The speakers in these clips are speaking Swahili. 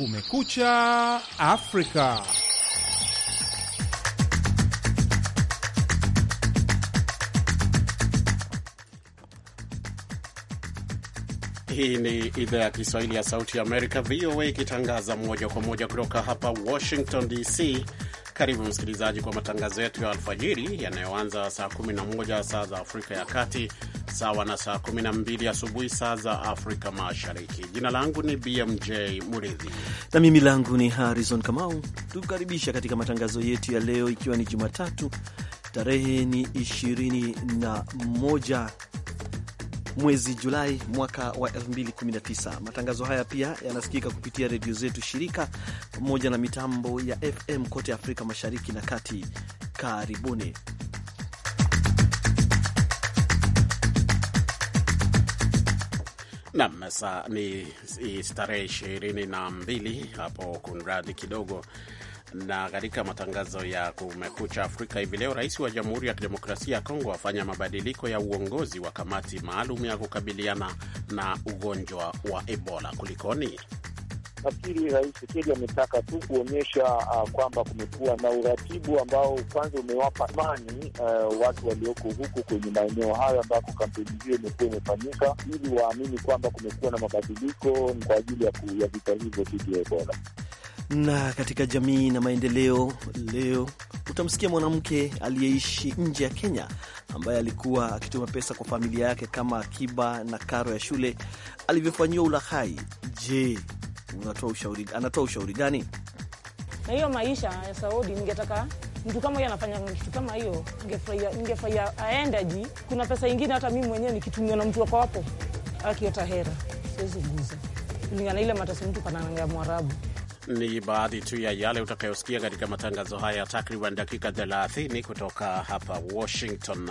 Kumekucha Afrika. Hii ni idhaa ya Kiswahili ya Sauti ya Amerika, VOA, ikitangaza moja kwa moja kutoka hapa Washington DC. Karibu msikilizaji kwa matangazo yetu ya alfajiri yanayoanza saa 11 saa za Afrika ya Kati sawa na saa 12 asubuhi saa za Afrika Mashariki. Jina langu ni BMJ Muridhi na mimi langu ni Harrison Kamau, tukukaribisha katika matangazo yetu ya leo, ikiwa ni Jumatatu tarehe ni 21 mwezi Julai mwaka wa 2019. Matangazo haya pia yanasikika kupitia redio zetu shirika pamoja na mitambo ya FM kote Afrika Mashariki na Kati. Karibuni. Nam, saa ni starehe ishirini na mbili hapo kunradhi kidogo. Na katika matangazo ya Kumekucha Afrika hivi leo, rais wa Jamhuri ya Kidemokrasia ya Kongo afanya mabadiliko ya uongozi wa kamati maalum ya kukabiliana na ugonjwa wa Ebola. Kulikoni? Nafikiri Rais Tshisekedi ametaka tu kuonyesha uh, kwamba kumekuwa na uratibu ambao kwanza umewapa amani uh, watu walioko huku kwenye maeneo hayo ambako kampeni hiyo imekuwa imefanyika, ili waamini kwamba kumekuwa na mabadiliko kwa ajili ya vita hivyo dhidi ya Ebola. Na katika jamii na maendeleo, leo utamsikia mwanamke aliyeishi nje ya Kenya ambaye alikuwa akituma pesa kwa familia yake kama akiba na karo ya shule alivyofanyiwa ulaghai. Je, unatoa ushauri, anatoa ushauri gani? Na hiyo maisha ya Saudi, ningetaka mtu kama hiyo anafanya kitu kama hiyo, ningefurahia aenda ji. Kuna pesa ingine hata mimi mwenyewe nikitumia na mtu wako akiota hera, siwezi guza kulingana ile matasi mtu kanananga Mwarabu ni baadhi tu ya yale utakayosikia katika matangazo haya ya takriban dakika 30 kutoka hapa Washington.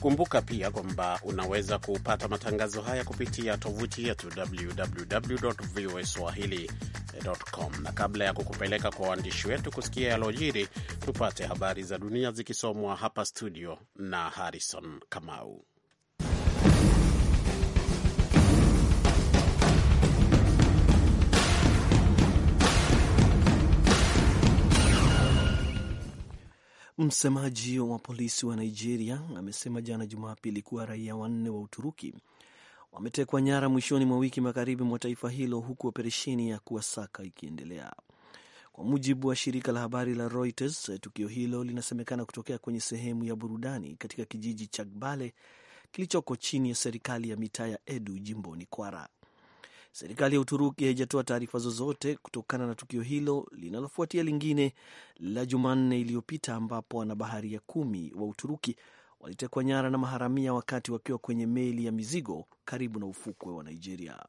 Kumbuka pia kwamba unaweza kupata matangazo haya kupitia tovuti yetu www voa swahili.com, na kabla ya kukupeleka kwa waandishi wetu kusikia yalojiri, tupate habari za dunia zikisomwa hapa studio na Harrison Kamau. Msemaji wa polisi wa Nigeria amesema jana Jumapili kuwa raia wanne wa Uturuki wametekwa nyara mwishoni mwa wiki magharibi mwa taifa hilo, huku operesheni ya kuwasaka ikiendelea. Kwa mujibu wa shirika la habari la Reuters, tukio hilo linasemekana kutokea kwenye sehemu ya burudani katika kijiji cha Gbale kilichoko chini ya serikali ya mitaa ya Edu jimboni Kwara. Serikali ya Uturuki haijatoa taarifa zozote kutokana na tukio hilo linalofuatia lingine la Jumanne iliyopita ambapo wanabaharia kumi wa Uturuki walitekwa nyara na maharamia wakati wakiwa kwenye meli ya mizigo karibu na ufukwe wa Nigeria.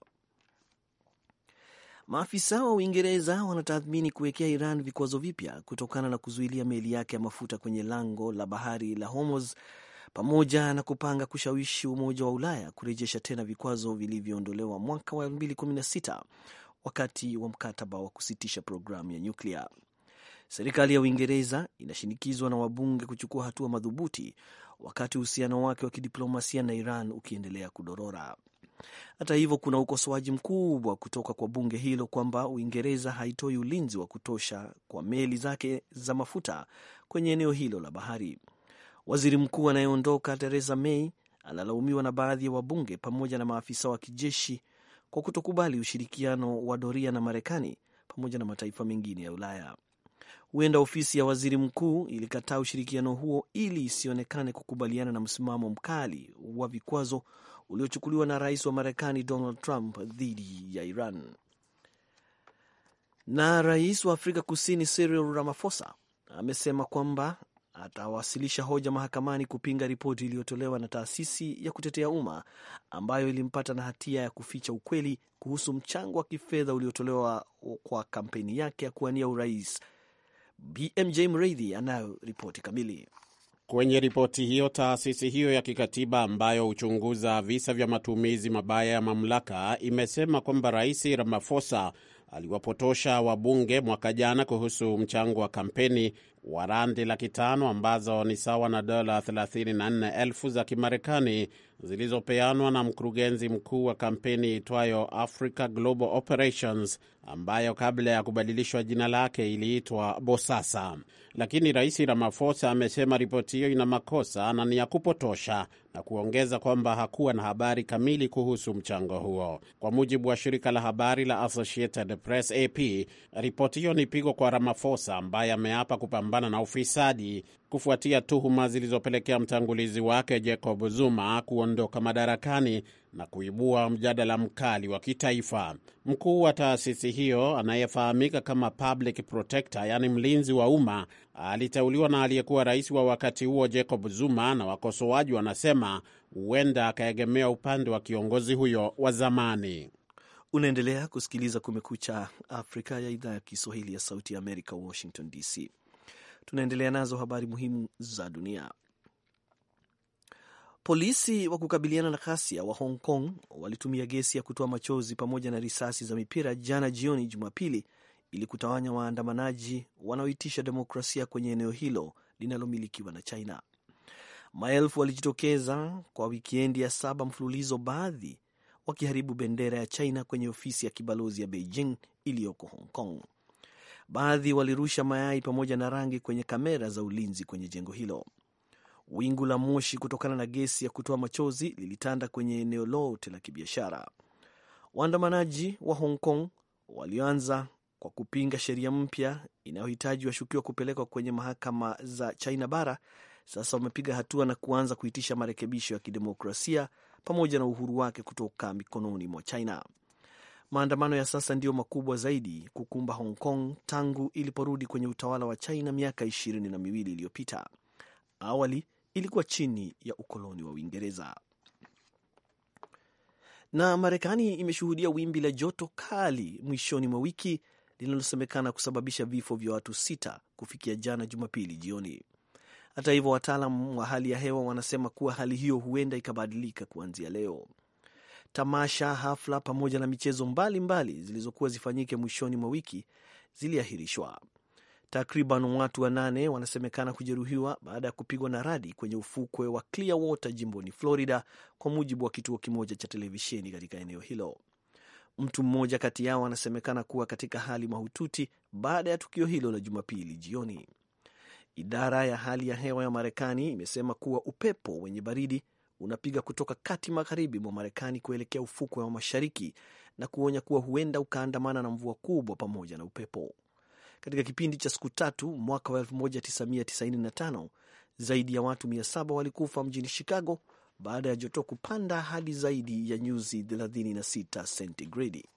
Maafisa wa Uingereza wanatathmini kuwekea Iran vikwazo vipya kutokana na kuzuilia meli yake ya mafuta kwenye lango la bahari la Hormuz pamoja na kupanga kushawishi Umoja wa Ulaya kurejesha tena vikwazo vilivyoondolewa mwaka wa 2016 wakati wa mkataba wa kusitisha programu ya nyuklia. Serikali ya Uingereza inashinikizwa na wabunge kuchukua hatua madhubuti, wakati uhusiano wake wa kidiplomasia na Iran ukiendelea kudorora. Hata hivyo, kuna ukosoaji mkubwa kutoka kwa bunge hilo kwamba Uingereza haitoi ulinzi wa kutosha kwa meli zake za mafuta kwenye eneo hilo la bahari. Waziri mkuu anayeondoka Theresa May analaumiwa na baadhi ya wabunge pamoja na maafisa wa kijeshi kwa kutokubali ushirikiano wa doria na Marekani pamoja na mataifa mengine ya Ulaya. Huenda ofisi ya waziri mkuu ilikataa ushirikiano huo ili isionekane kukubaliana na msimamo mkali wa vikwazo uliochukuliwa na rais wa Marekani Donald Trump dhidi ya Iran. Na rais wa Afrika Kusini Cyril Ramaphosa amesema kwamba atawasilisha hoja mahakamani kupinga ripoti iliyotolewa na taasisi ya kutetea umma ambayo ilimpata na hatia ya kuficha ukweli kuhusu mchango wa kifedha uliotolewa kwa kampeni yake ya kuwania urais. BMJ Mreithi anayo ripoti kamili. Kwenye ripoti hiyo, taasisi hiyo ya kikatiba ambayo huchunguza visa vya matumizi mabaya ya mamlaka imesema kwamba Rais Ramaphosa aliwapotosha wabunge mwaka jana kuhusu mchango wa kampeni wa randi laki tano ambazo ni sawa na dola 34 za Kimarekani zilizopeanwa na mkurugenzi mkuu wa kampeni itwayo Africa Global Operations ambayo kabla ya kubadilishwa jina lake iliitwa Bosasa. Lakini Rais Ramaphosa amesema ripoti hiyo ina makosa na ni ya kupotosha na kuongeza kwamba hakuwa na habari kamili kuhusu mchango huo. Kwa mujibu wa shirika la habari la Associated Press, AP, ripoti hiyo ni pigo kwa Ramaphosa ambaye ameapa kupambana na ufisadi kufuatia tuhuma zilizopelekea mtangulizi wake Jacob Zuma kuondoka madarakani na kuibua mjadala mkali wa kitaifa. Mkuu wa taasisi hiyo anayefahamika kama public protector, yaani mlinzi wa umma, aliteuliwa na aliyekuwa rais wa wakati huo Jacob Zuma, na wakosoaji wanasema huenda akaegemea upande wa kiongozi huyo wa zamani. Unaendelea kusikiliza Kumekucha Afrika ya idhaa ya Kiswahili ya Sauti ya Amerika, Washington DC. Tunaendelea nazo habari muhimu za dunia. Polisi wa kukabiliana na ghasia wa Hong Kong walitumia gesi ya kutoa machozi pamoja na risasi za mipira jana jioni Jumapili ili kutawanya waandamanaji wanaoitisha demokrasia kwenye eneo hilo linalomilikiwa na China. Maelfu walijitokeza kwa wikiendi ya saba mfululizo, baadhi wakiharibu bendera ya China kwenye ofisi ya kibalozi ya Beijing iliyoko Hong Kong. Baadhi walirusha mayai pamoja na rangi kwenye kamera za ulinzi kwenye jengo hilo. Wingu la moshi kutokana na gesi ya kutoa machozi lilitanda kwenye eneo lote la kibiashara. Waandamanaji wa Hong Kong walioanza kwa kupinga sheria mpya inayohitaji washukiwa kupelekwa kwenye mahakama za China bara sasa wamepiga hatua na kuanza kuitisha marekebisho ya kidemokrasia pamoja na uhuru wake kutoka mikononi mwa China. Maandamano ya sasa ndiyo makubwa zaidi kukumba Hong Kong tangu iliporudi kwenye utawala wa China miaka ishirini na miwili iliyopita. Awali ilikuwa chini ya ukoloni wa Uingereza. Na Marekani imeshuhudia wimbi la joto kali mwishoni mwa wiki linalosemekana kusababisha vifo vya watu sita kufikia jana Jumapili jioni. Hata hivyo, wataalam wa hali ya hewa wanasema kuwa hali hiyo huenda ikabadilika kuanzia leo. Tamasha, hafla pamoja na michezo mbalimbali zilizokuwa zifanyike mwishoni mwa wiki ziliahirishwa. Takriban watu wanane wanasemekana kujeruhiwa baada ya kupigwa na radi kwenye ufukwe wa Clearwater jimboni Florida, kwa mujibu wa kituo kimoja cha televisheni katika eneo hilo. Mtu mmoja kati yao anasemekana kuwa katika hali mahututi baada ya tukio hilo la Jumapili jioni. Idara ya hali ya hewa ya Marekani imesema kuwa upepo wenye baridi unapiga kutoka kati magharibi mwa Marekani kuelekea ufukwe wa mashariki na kuonya kuwa huenda ukaandamana na mvua kubwa pamoja na upepo katika kipindi cha siku tatu mwaka wa 1995 zaidi ya watu 700 walikufa mjini Chicago baada ya joto kupanda hadi zaidi ya nyuzi 36 sentigredi.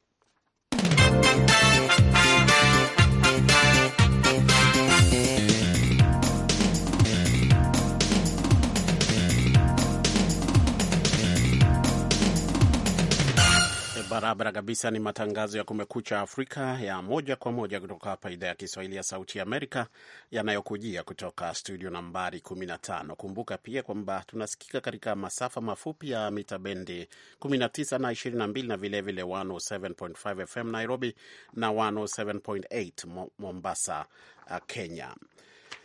Barabara kabisa. Ni matangazo ya Kumekucha Afrika ya moja kwa moja kutoka hapa idhaa ya Kiswahili ya Sauti Amerika, yanayokujia kutoka studio nambari 15. Kumbuka pia kwamba tunasikika katika masafa mafupi ya mita bendi 19 na 22 na vilevile 107.5 FM Nairobi na 107.8 Mombasa, uh, Kenya.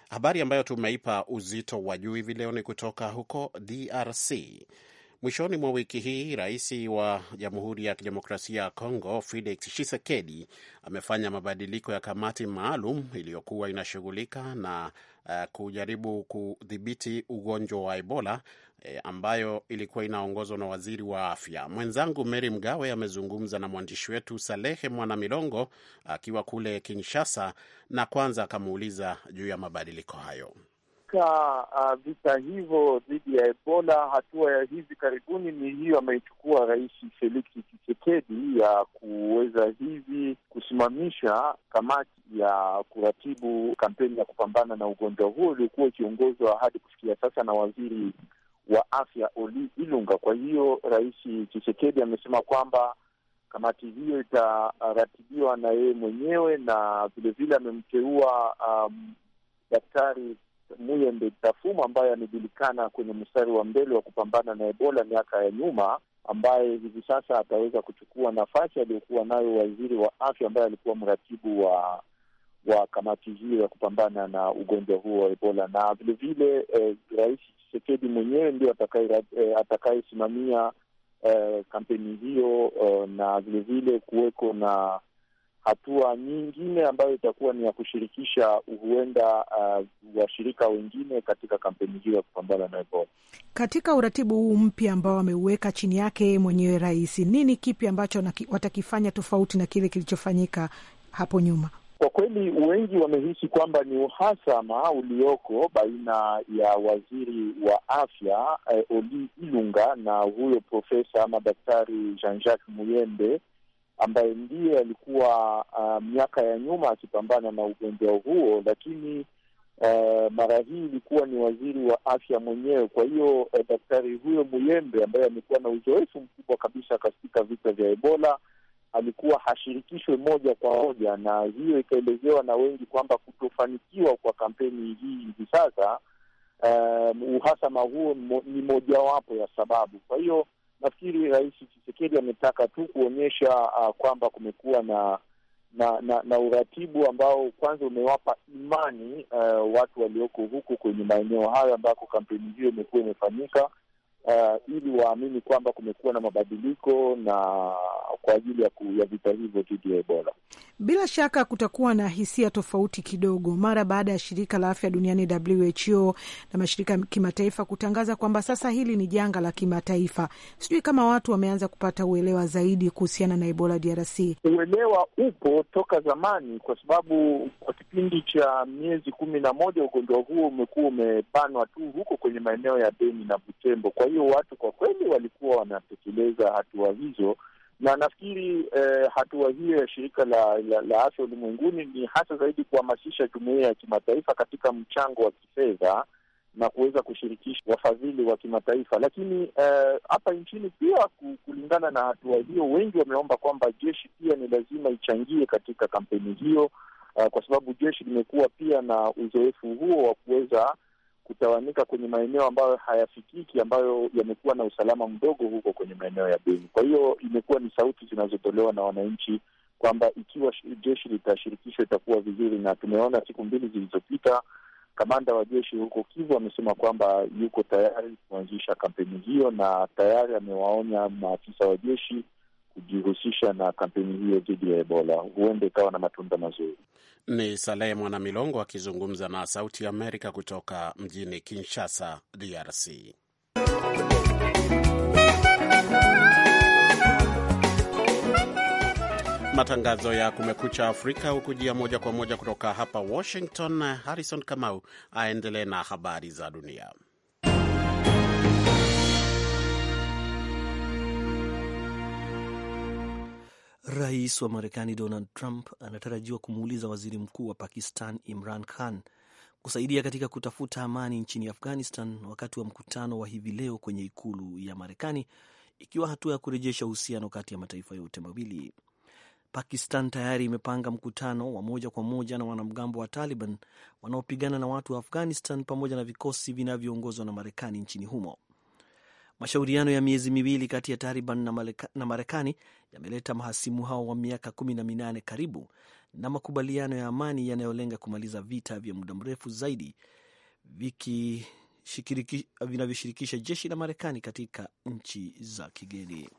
Habari ambayo tumeipa uzito wa juu hivi leo ni kutoka huko DRC Mwishoni mwa wiki hii rais wa Jamhuri ya Kidemokrasia ya Kongo Felix Tshisekedi amefanya mabadiliko ya kamati maalum iliyokuwa inashughulika na uh, kujaribu kudhibiti ugonjwa wa Ebola eh, ambayo ilikuwa inaongozwa na waziri wa afya. Mwenzangu Mary Mgawe amezungumza na mwandishi wetu Salehe Mwanamilongo akiwa kule Kinshasa, na kwanza akamuuliza juu ya mabadiliko hayo katika uh, vita hivyo dhidi ya Ebola, hatua ya hivi karibuni ni hiyo ameichukua Rais Felix Tshisekedi ya kuweza hivi kusimamisha kamati ya kuratibu kampeni ya kupambana na ugonjwa huo uliokuwa ikiongozwa hadi kufikia sasa na waziri wa afya Oli Ilunga. Kwa hiyo Rais Tshisekedi amesema kwamba kamati hiyo itaratibiwa na yeye mwenyewe na vilevile amemteua um, Daktari Muye Ndadafumo ambaye amejulikana kwenye mstari wa mbele wa kupambana na Ebola miaka ya nyuma, ambaye hivi sasa ataweza kuchukua nafasi aliyokuwa nayo waziri wa afya ambaye alikuwa mratibu wa wa kamati hiyo ya kupambana na ugonjwa huo wa Ebola, na vilevile eh, Rais Chisekedi mwenyewe ndio eh, atakayesimamia eh, eh, kampeni hiyo eh, na vilevile kuweko na hatua nyingine ambayo itakuwa ni ya kushirikisha huenda uh, washirika wengine katika kampeni hiyo ya kupambana na Ebola. Katika uratibu huu mpya ambao ameuweka chini yake mwenyewe rais, nini kipi ambacho watakifanya tofauti na kile kilichofanyika hapo nyuma? Kwa kweli wengi wamehisi kwamba ni uhasama ulioko baina ya waziri wa afya eh, Oli Ilunga na huyo profesa ama daktari Jean-Jacques Muyembe ambaye ndiye alikuwa uh, miaka ya nyuma akipambana na ugonjwa huo, lakini uh, mara hii ilikuwa ni waziri wa afya mwenyewe. Kwa hiyo uh, daktari huyo Muyembe ambaye amekuwa na uzoefu mkubwa kabisa katika vita vya Ebola alikuwa hashirikishwe moja kwa moja, na hiyo ikaelezewa na wengi kwamba kutofanikiwa kwa kampeni hii hivi sasa, um, uhasama huo ni mojawapo ya sababu. Kwa hiyo nafikiri Rais chisekedi ametaka tu kuonyesha uh, kwamba kumekuwa na na, na na uratibu ambao kwanza umewapa imani uh, watu walioko huku kwenye maeneo hayo ambako kampeni hiyo imekuwa imefanyika, uh, ili waamini kwamba kumekuwa na mabadiliko na kwa ajili ya, ya vita hivyo dhidi ya Ebola. Bila shaka kutakuwa na hisia tofauti kidogo mara baada ya shirika la afya duniani WHO na mashirika ya kimataifa kutangaza kwamba sasa hili ni janga la kimataifa. Sijui kama watu wameanza kupata uelewa zaidi kuhusiana na Ebola DRC. Uelewa upo toka zamani, kwa sababu kwa kipindi cha miezi kumi na moja ugonjwa huo umekuwa umebanwa tu huko kwenye maeneo ya Beni na Butembo. Kwa hiyo watu kwa kweli walikuwa wanatekeleza hatua hizo na nafikiri eh, hatua hiyo ya shirika la, la, la afya ulimwenguni ni hasa zaidi kuhamasisha jumuia ya kimataifa katika mchango wa kifedha na kuweza kushirikisha wafadhili wa kimataifa. Lakini eh, hapa eh, nchini pia kulingana na hatua hiyo, wengi wameomba kwamba jeshi pia ni lazima ichangie katika kampeni hiyo, eh, kwa sababu jeshi limekuwa pia na uzoefu huo wa kuweza kutawanyika kwenye maeneo ambayo hayafikiki, ambayo yamekuwa na usalama mdogo huko kwenye maeneo ya Beni. Kwa hiyo imekuwa ni sauti zinazotolewa na wananchi kwamba ikiwa jeshi litashirikishwa itakuwa vizuri, na tumeona siku mbili zilizopita kamanda wa jeshi huko Kivu amesema kwamba yuko tayari kuanzisha kampeni hiyo, na tayari amewaonya maafisa wa jeshi kujihusisha na kampeni hiyo dhidi ya Ebola, huende ikawa na matunda mazuri. Ni Salehe Milongo akizungumza na Sauti ya Amerika kutoka mjini Kinshasa, DRC. Matangazo ya Kumekucha Afrika hukujia moja kwa moja kutoka hapa Washington. Harrison Kamau aendelee na habari za dunia. Rais wa Marekani Donald Trump anatarajiwa kumuuliza waziri mkuu wa Pakistan Imran Khan kusaidia katika kutafuta amani nchini Afghanistan wakati wa mkutano wa hivi leo kwenye ikulu ya Marekani, ikiwa hatua ya kurejesha uhusiano kati ya mataifa yote mawili. Pakistan tayari imepanga mkutano wa moja kwa moja na wanamgambo wa Taliban wanaopigana na watu wa Afghanistan pamoja na vikosi vinavyoongozwa na Marekani nchini humo. Mashauriano ya miezi miwili kati ya Taliban na Marekani yameleta mahasimu hao wa miaka kumi na minane karibu na makubaliano ya amani yanayolenga kumaliza vita vya muda mrefu zaidi vinavyoshirikisha jeshi la Marekani katika nchi za kigeni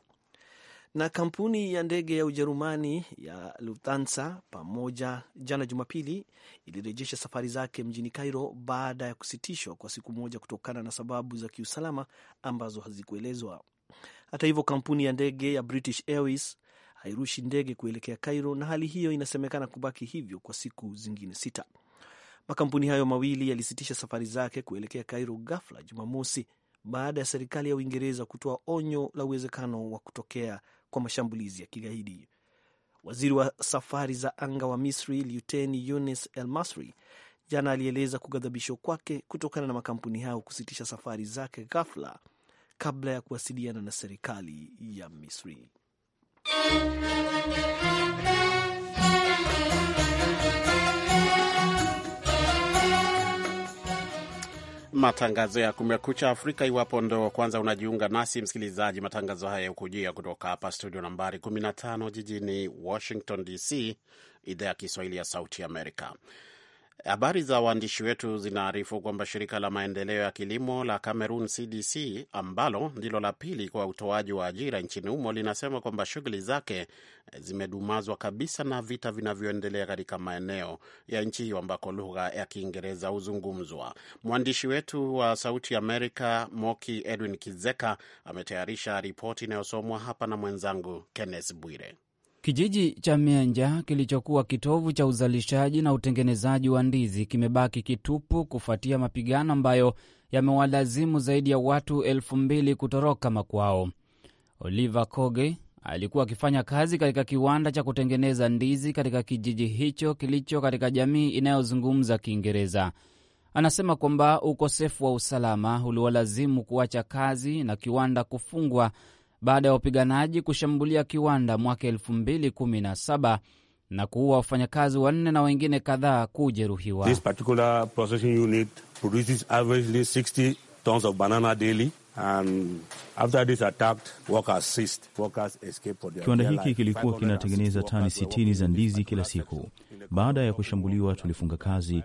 na kampuni ya ndege ya Ujerumani ya Lufthansa pamoja jana Jumapili ilirejesha safari zake mjini Cairo baada ya kusitishwa kwa siku moja kutokana na sababu za kiusalama ambazo hazikuelezwa. Hata hivyo, kampuni ya ndege ya British Airways hairushi ndege kuelekea Cairo na hali hiyo inasemekana kubaki hivyo kwa siku zingine sita. Makampuni hayo mawili yalisitisha safari zake kuelekea Cairo ghafla Jumamosi baada ya serikali ya Uingereza kutoa onyo la uwezekano wa kutokea kwa mashambulizi ya kigaidi. Waziri wa safari za anga wa Misri Luteni Younes El Masri jana alieleza kughadhabishwa kwake kutokana na makampuni hayo kusitisha safari zake ghafla kabla ya kuwasiliana na serikali ya Misri. matangazo ya Kumekucha Afrika. Iwapo ndo kwanza unajiunga nasi, msikilizaji, matangazo haya hukujia kutoka hapa studio nambari 15 jijini Washington DC, idhaa ya Kiswahili ya Sauti Amerika. Habari za waandishi wetu zinaarifu kwamba shirika la maendeleo ya kilimo la Cameroon CDC ambalo ndilo la pili kwa utoaji wa ajira nchini humo linasema kwamba shughuli zake zimedumazwa kabisa na vita vinavyoendelea katika maeneo ya nchi hiyo ambako lugha ya Kiingereza huzungumzwa. Mwandishi wetu wa Sauti Amerika Moki Edwin Kizeka ametayarisha ripoti inayosomwa hapa na mwenzangu Kenneth Bwire. Kijiji cha Mienja kilichokuwa kitovu cha uzalishaji na utengenezaji wa ndizi kimebaki kitupu kufuatia mapigano ambayo yamewalazimu zaidi ya watu elfu mbili kutoroka makwao. Oliver Koge alikuwa akifanya kazi katika kiwanda cha kutengeneza ndizi katika kijiji hicho kilicho katika jamii inayozungumza Kiingereza. Anasema kwamba ukosefu wa usalama uliwalazimu kuacha kazi na kiwanda kufungwa baada ya wapiganaji kushambulia kiwanda mwaka 217 na na kuua wafanyakazi wanne na wengine kadhaa kujeruhiwa. Kiwanda hiki kilikuwa kinatengeneza tani 60 za ndizi kila siku. Baada ya kushambuliwa, tulifunga kazi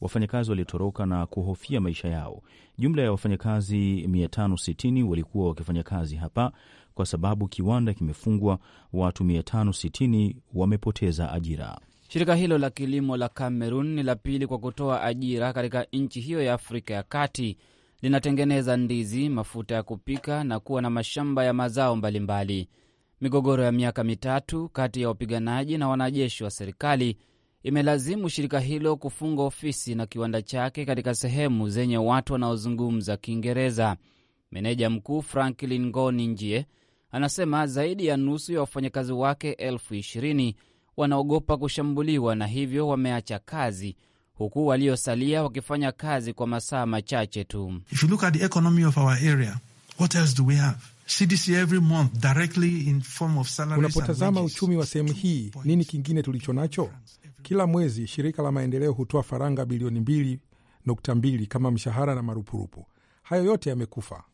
wafanyakazi walitoroka na kuhofia maisha yao. Jumla ya wafanyakazi 560 walikuwa wakifanya kazi hapa. Kwa sababu kiwanda kimefungwa, watu 560 wamepoteza ajira. Shirika hilo la kilimo la Cameroon ni la pili kwa kutoa ajira katika nchi hiyo ya Afrika ya Kati. Linatengeneza ndizi, mafuta ya kupika na kuwa na mashamba ya mazao mbalimbali. Migogoro ya miaka mitatu kati ya wapiganaji na wanajeshi wa serikali imelazimu shirika hilo kufunga ofisi na kiwanda chake katika sehemu zenye watu wanaozungumza Kiingereza. Meneja mkuu Franklin Ngoni Njie anasema zaidi ya nusu ya wafanyakazi wake elfu ishirini wanaogopa kushambuliwa na hivyo wameacha kazi huku waliosalia wakifanya kazi kwa masaa machache tu. Unapotazama uchumi wa sehemu hii, nini kingine tulicho nacho? Kila mwezi shirika la maendeleo hutoa faranga bilioni mbili nukta mbili kama mshahara na marupurupu. Hayo yote yamekufa.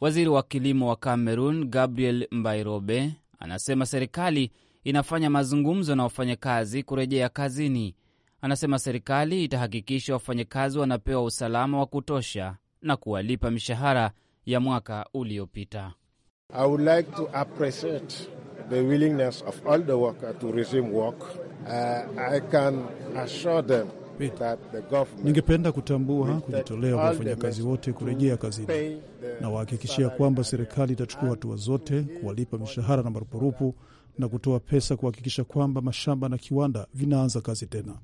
Waziri wa kilimo wa Cameroon Gabriel Mbairobe anasema serikali inafanya mazungumzo na wafanyakazi kurejea kazini. Anasema serikali itahakikisha wafanyakazi wanapewa usalama wa kutosha na kuwalipa mishahara ya mwaka uliopita. I would like to appreciate the willingness of all the workers to resume work. Uh, ningependa kutambua kujitolea kwa wafanyakazi wote kurejea kazini na wahakikishia kwamba serikali itachukua hatua zote kuwalipa mishahara na marupurupu na kutoa pesa kuhakikisha kwamba mashamba na kiwanda vinaanza kazi tena.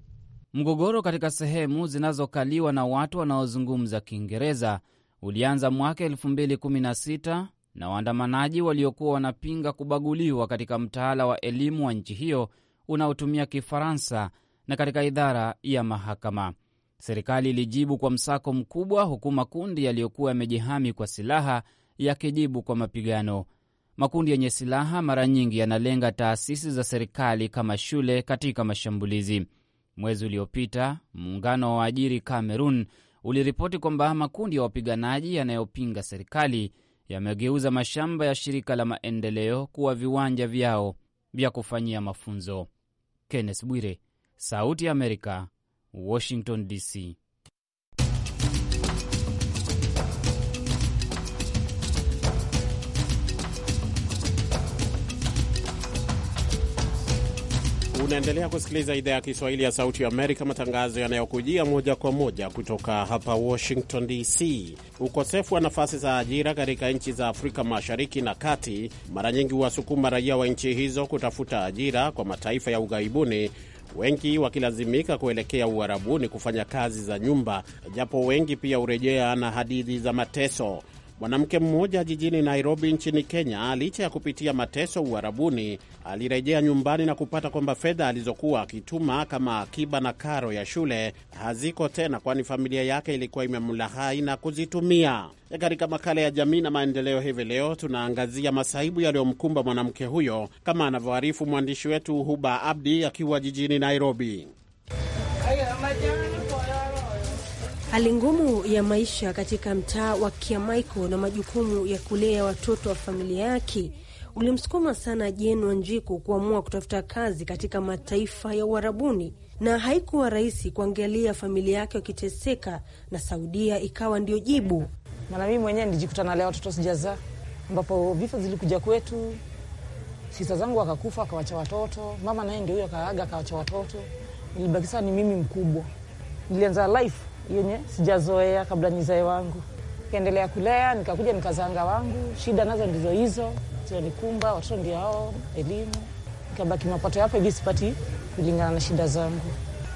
Mgogoro katika sehemu zinazokaliwa na watu wanaozungumza Kiingereza ulianza mwaka 2016 na waandamanaji waliokuwa wanapinga kubaguliwa katika mtaala wa elimu wa nchi hiyo unaotumia Kifaransa na katika idara ya mahakama. Serikali ilijibu kwa msako mkubwa, huku makundi yaliyokuwa yamejihami kwa silaha yakijibu kwa mapigano. Makundi yenye silaha mara nyingi yanalenga taasisi za serikali kama shule katika mashambulizi. Mwezi uliopita, muungano wa waajiri Kamerun uliripoti kwamba makundi ya wapiganaji yanayopinga serikali yamegeuza mashamba ya shirika la maendeleo kuwa viwanja vyao vya kufanyia mafunzo. Kenneth Bwire, Sauti ya Amerika, Washington DC. Unaendelea kusikiliza idhaa ya Kiswahili ya Sauti ya Amerika, matangazo yanayokujia moja kwa moja kutoka hapa Washington DC. Ukosefu wa nafasi za ajira katika nchi za Afrika Mashariki na Kati mara nyingi huwasukuma raia wa nchi hizo kutafuta ajira kwa mataifa ya ughaibuni, wengi wakilazimika kuelekea Uarabuni kufanya kazi za nyumba, japo wengi pia hurejea na hadithi za mateso. Mwanamke mmoja jijini Nairobi nchini Kenya, licha ya kupitia mateso uharabuni, alirejea nyumbani na kupata kwamba fedha alizokuwa akituma kama akiba na karo ya shule haziko tena, kwani familia yake ilikuwa imemlahai na kuzitumia. E, katika makala ya jamii na maendeleo hivi leo, tunaangazia masaibu yaliyomkumba mwanamke huyo, kama anavyoarifu mwandishi wetu Huba Abdi akiwa jijini Nairobi. Haya, Hali ngumu ya maisha katika mtaa wa Kiamaiko na majukumu ya kulea watoto wa familia yake ulimsukuma sana Jane Wanjiku kuamua kutafuta kazi katika mataifa ya Uarabuni, na haikuwa rahisi kuangalia familia yake wakiteseka na Saudia ikawa ndio jibu. Maana mimi mwenyewe nilijikuta nalea watoto sijazaa, ambapo vifo zilikuja kwetu. sisa zangu wakakufa, akawacha watoto. Mama naye ndio huyo akaaga, akawacha watoto. Nilibaki ni mimi mkubwa, nilianza life yenye sijazoea kabla nizae wangu. Kaendelea kulea, nikakuja nikazanga wangu. Shida nazo ndizo hizo zonikumba, watoto ndio hao, elimu. Nikabaki mapato yapo hivi sipati kulingana na shida zangu,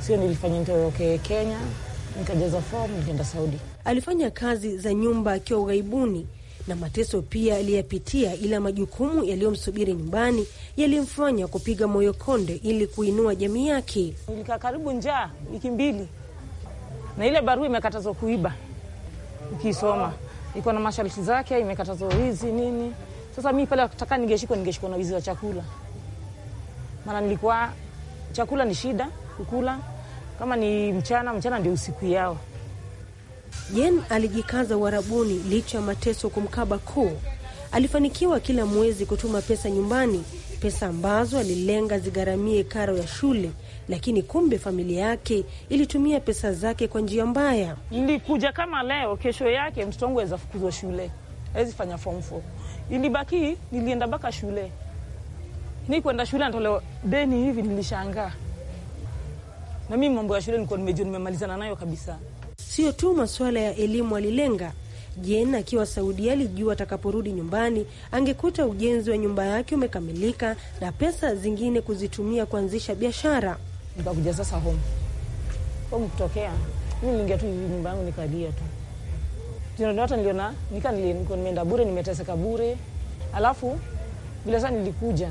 sio nilifanya nitoroke Kenya, nikajaza fomu nikaenda Saudi. Alifanya kazi za nyumba akiwa ughaibuni na mateso pia aliyapitia, ila majukumu yaliyomsubiri nyumbani yalimfanya kupiga moyo konde ili kuinua jamii yake. Nilikaa karibu njaa wiki mbili na ile barua imekatazwa kuiba, ukisoma iko na masharti zake, imekatazwa wizi nini. Sasa mi pale taka ningeshikwa, ningeshikwa na wizi wa chakula, maana nilikuwa chakula ni shida kukula, kama ni mchana, mchana ndio usiku yao. Jen alijikaza uharabuni licha ya mateso kumkaba kuu alifanikiwa kila mwezi kutuma pesa nyumbani, pesa ambazo alilenga zigharamie karo ya shule, lakini kumbe familia yake ilitumia pesa zake kwa njia mbaya. Nilikuja kama leo, kesho yake mtoto wangu aweza fukuzwa shule, awezi fanya form four. Ilibaki nilienda mpaka shule, ni kwenda shule natolewa deni hivi, nilishangaa na mimi mambo ya shule nilikuwa nimejua nimemalizana nayo kabisa. Sio tu masuala ya elimu alilenga Jen akiwa Saudia alijua atakaporudi nyumbani angekuta ujenzi wa nyumba yake umekamilika na pesa zingine kuzitumia kuanzisha biashara. Nikakuja sasa home home kutokea mimi niingia tu nyumba yangu nikalia tu hata niliona nika nimeenda bure, nimeteseka bure, alafu vile sasa nilikuja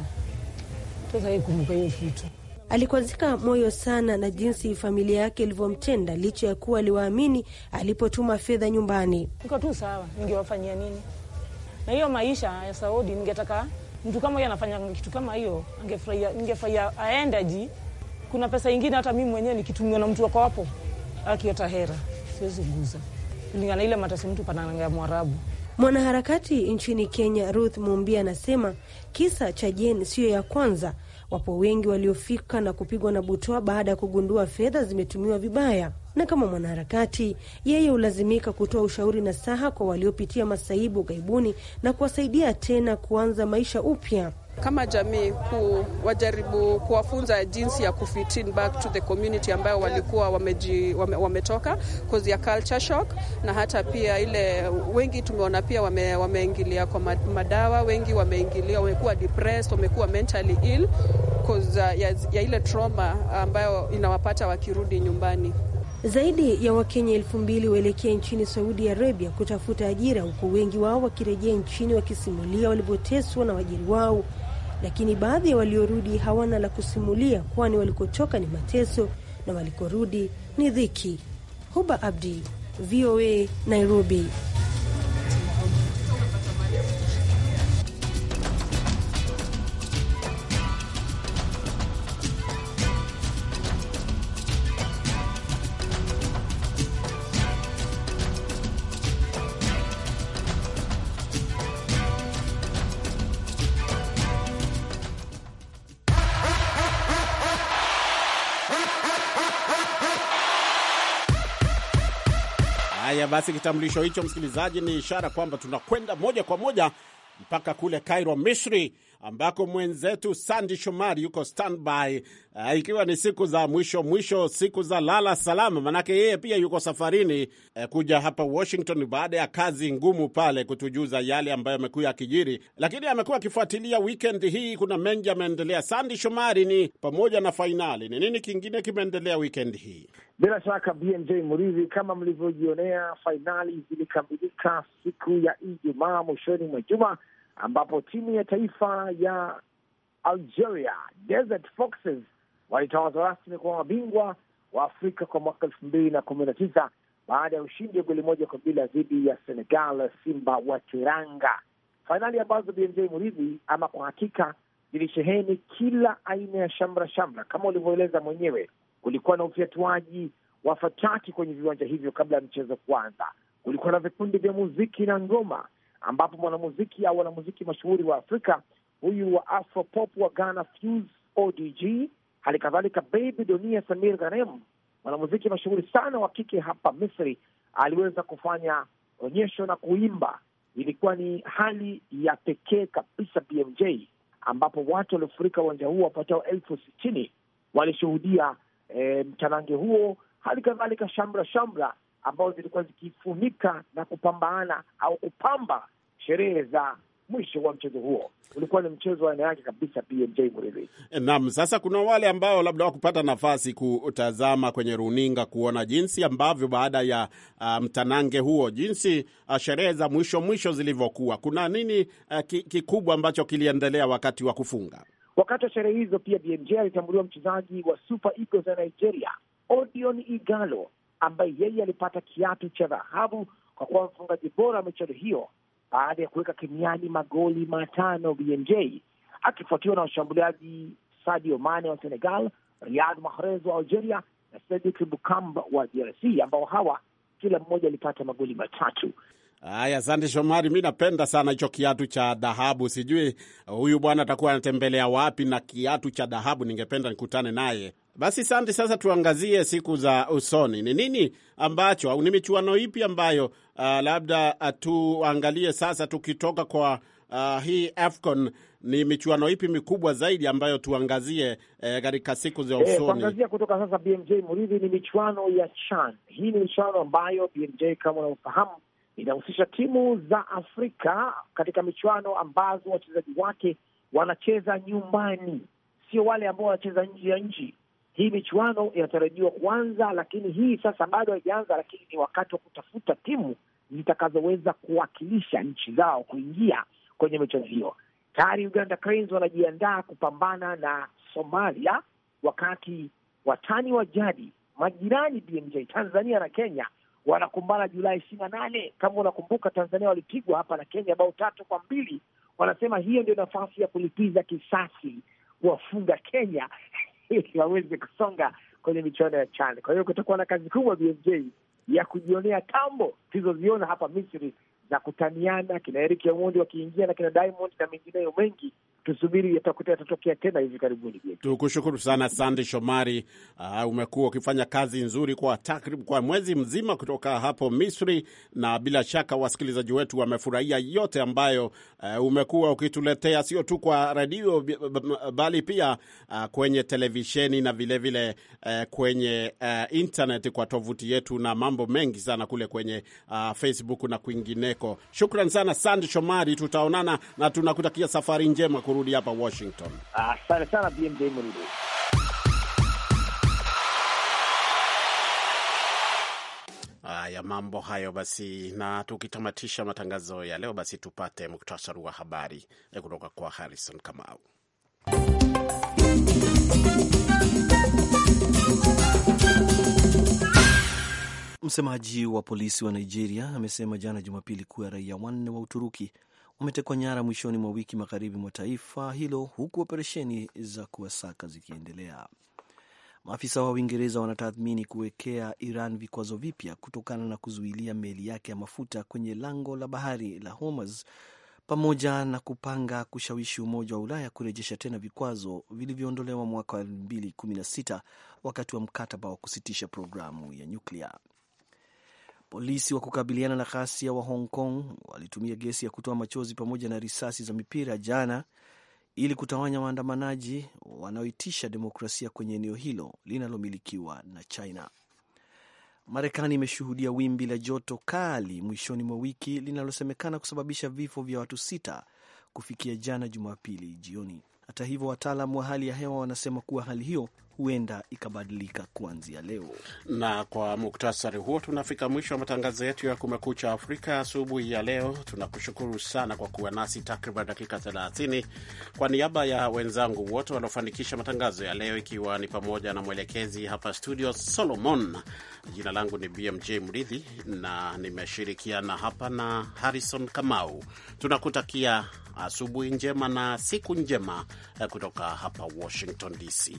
sasa hii kumbuka hiyo kitu Alikwazika moyo sana na jinsi familia yake ilivyomtenda licha ya kuwa aliwaamini alipotuma fedha nyumbani. Niko tu sawa, ningewafanyia nini? Na hiyo maisha ya Saudi, ningetaka mtu kama huyo anafanya kitu kama hiyo, angefurahia, ningefurahia ji. Kuna pesa ingine hata mimi mwenyewe nikitumiwa na mtu wako hapo, akiota hera siwezi guza, kulingana ile matasi mtu pananga Mwarabu. Mwanaharakati nchini Kenya Ruth Mumbia anasema kisa cha Jen siyo ya kwanza Wapo wengi waliofika na kupigwa na butoa baada ya kugundua fedha zimetumiwa vibaya, na kama mwanaharakati yeye hulazimika kutoa ushauri na saha kwa waliopitia masaibu ughaibuni na kuwasaidia tena kuanza maisha upya kama jamii kuwajaribu kuwafunza jinsi ya kufit in back to the community ambayo walikuwa wameji, wame, wametoka cause ya culture shock, na hata pia ile wengi tumeona pia wame, wameingilia kwa madawa, wengi wameingilia, wamekuwa depressed, wamekuwa mentally ill cause ya, ya ile trauma ambayo inawapata wakirudi nyumbani. Zaidi ya Wakenya elfu mbili waelekea nchini Saudi Arabia kutafuta ajira, huku wengi wao wakirejea nchini wakisimulia walivyoteswa na waajiri wao lakini baadhi ya waliorudi hawana la kusimulia, kwani walikotoka ni mateso na walikorudi ni dhiki. Huba Abdi, VOA, Nairobi. Haya basi, kitambulisho hicho msikilizaji, ni ishara kwamba tunakwenda moja kwa moja mpaka kule Kairo, Misri, ambako mwenzetu Sandi Shomari yuko standby, uh, ikiwa ni siku za mwisho mwisho, siku za lala salama, manake yeye pia yuko safarini uh, kuja hapa Washington baada ya kazi ngumu pale, kutujuza yale ambayo amekuwa akijiri, lakini amekuwa akifuatilia weekend hii. Kuna mengi ameendelea. Sandi Shomari, ni pamoja na fainali, ni nini kingine kimeendelea weekend hii? Bila shaka BMJ Muridhi, kama mlivyojionea, fainali zilikamilika siku ya Ijumaa mwishoni mwa juma ambapo timu ya taifa ya Algeria Desert Foxes walitawazwa rasmi kwa mabingwa wa Afrika kwa mwaka elfu mbili na kumi na tisa baada ya ushindi wa goli moja kwa bila dhidi ya Senegal Simba wa Teranga. Fainali ambazo BMJ Muridhi, ama kwa hakika zilisheheni kila aina ya shamra shamra kama ulivyoeleza mwenyewe. Kulikuwa na ufyatuaji wa fataki kwenye viwanja hivyo kabla ya mchezo kuanza. Kulikuwa na vikundi vya muziki na ngoma ambapo mwanamuziki au wanamuziki mashuhuri wa Afrika huyu wa Afro Pop wa Ghana Fuse ODG, hali kadhalika Baby Donia Samir Ghanem, mwanamuziki mashuhuri sana wa kike hapa Misri, aliweza kufanya onyesho na kuimba. Ilikuwa ni hali ya pekee kabisa BMJ, ambapo watu waliofurika uwanja huo wapatao elfu sitini walishuhudia e, eh, mtanange huo, hali kadhalika shamra shamra ambazo zilikuwa zikifunika na kupambana au kupamba sherehe za mwisho wa mchezo huo. Ulikuwa ni mchezo wa aina yake kabisa. PMJ Mridhi. Naam, sasa kuna wale ambao labda wakupata nafasi kutazama kwenye runinga kuona jinsi ambavyo baada ya uh, mtanange huo jinsi uh, sherehe za mwisho mwisho zilivyokuwa, kuna nini uh, kikubwa ambacho kiliendelea wakati wa kufunga? Wakati wa sherehe hizo pia BMJ alitambuliwa mchezaji wa Super Eagles ya Nigeria Odion Igalo ambaye yeye alipata kiatu cha dhahabu kwa kuwa mfungaji bora wa michezo hiyo baada ya kuweka kimiani magoli matano BMJ, akifuatiwa na washambuliaji Sadio Mane wa Senegal, riad Mahrez wa Algeria na sedik bukamb wa DRC, ambao hawa kila mmoja alipata magoli matatu. Haya, asante Shomari, mi napenda sana hicho kiatu cha dhahabu. Sijui huyu bwana atakuwa anatembelea wapi na kiatu cha dhahabu, ningependa nikutane naye. Basi sante. Sasa tuangazie siku za usoni, ni nini ambacho au ni michuano ipi ambayo uh, labda uh, tuangalie sasa, tukitoka kwa uh, hii AFCON ni michuano ipi mikubwa zaidi ambayo tuangazie eh, katika siku za eh, usoni kuangazia eh, kutoka sasa. BMJ Muridhi, ni michuano ya CHAN. Hii ni michuano ambayo BMJ, kama unavyofahamu, inahusisha timu za Afrika katika michuano ambazo wachezaji wake wanacheza nyumbani, sio wale ambao wanacheza nje ya nchi. Hii michuano inatarajiwa kuanza, lakini hii sasa bado haijaanza, lakini ni wakati wa kutafuta timu zitakazoweza kuwakilisha nchi zao kuingia kwenye michuano hiyo. Tayari Uganda Cranes wanajiandaa kupambana na Somalia, wakati watani wa jadi majirani BMJ Tanzania na Kenya wanakumbana Julai ishirini na nane. Kama unakumbuka, Tanzania walipigwa hapa na Kenya bao tatu kwa mbili. Wanasema hiyo ndio nafasi ya kulipiza kisasi kuwafunga Kenya ili waweze kusonga kwenye michuano ya chane Kwa hiyo kutakuwa na kazi kubwa BMJ ya kujionea tambo tulizoziona hapa Misri za kutaniana, kina Eric Omondi wakiingia na kina Diamond na mengineyo mengi tusubiri yatatokea tena hivi karibuni. Tukushukuru sana Sande Shomari. Uh, umekuwa ukifanya kazi nzuri kwa takribu kwa mwezi mzima kutoka hapo Misri, na bila shaka wasikilizaji wetu wamefurahia yote ambayo uh, umekuwa ukituletea sio tu kwa redio bali pia uh, kwenye televisheni na vilevile vile, uh, kwenye uh, internet kwa tovuti yetu na mambo mengi sana kule kwenye uh, Facebook na kwingineko. Shukran sana Sande Shomari, tutaonana na tunakutakia safari njema kuru kurudi hapa Washington. Asante ah, sana BMJ Mridhi. Haya, mambo hayo basi. Na tukitamatisha matangazo ya leo, basi tupate muktasari wa habari eh, kutoka kwa Harrison Kamau. Msemaji wa polisi wa Nigeria amesema jana Jumapili kuwa raia wanne wa Uturuki umetekwa nyara mwishoni mwa wiki magharibi mwa taifa hilo huku operesheni za kuwasaka zikiendelea. Maafisa wa Uingereza wanatathmini kuwekea Iran vikwazo vipya kutokana na kuzuilia meli yake ya mafuta kwenye lango la bahari la Hormuz pamoja na kupanga kushawishi Umoja wa Ulaya kurejesha tena vikwazo vilivyoondolewa mwaka wa 2016 wakati wa mkataba wa kusitisha programu ya nyuklia. Polisi wa kukabiliana na ghasia wa Hong Kong walitumia gesi ya kutoa machozi pamoja na risasi za mipira jana ili kutawanya waandamanaji wanaoitisha demokrasia kwenye eneo hilo linalomilikiwa na China. Marekani imeshuhudia wimbi la joto kali mwishoni mwa wiki linalosemekana kusababisha vifo vya watu sita kufikia jana Jumapili jioni. Hata hivyo, wataalam wa hali ya hewa wanasema kuwa hali hiyo huenda ikabadilika kuanzia leo. Na kwa muktasari huo tunafika mwisho wa matangazo yetu ya Kumekucha Afrika asubuhi ya leo. Tunakushukuru sana kwa kuwa nasi takriban dakika 30. Kwa niaba ya wenzangu wote waliofanikisha matangazo ya leo, ikiwa ni pamoja na mwelekezi hapa studio Solomon, jina langu ni BMJ Mridhi na nimeshirikiana hapa na Harrison Kamau, tunakutakia Asubuhi njema na siku njema eh, kutoka hapa Washington DC.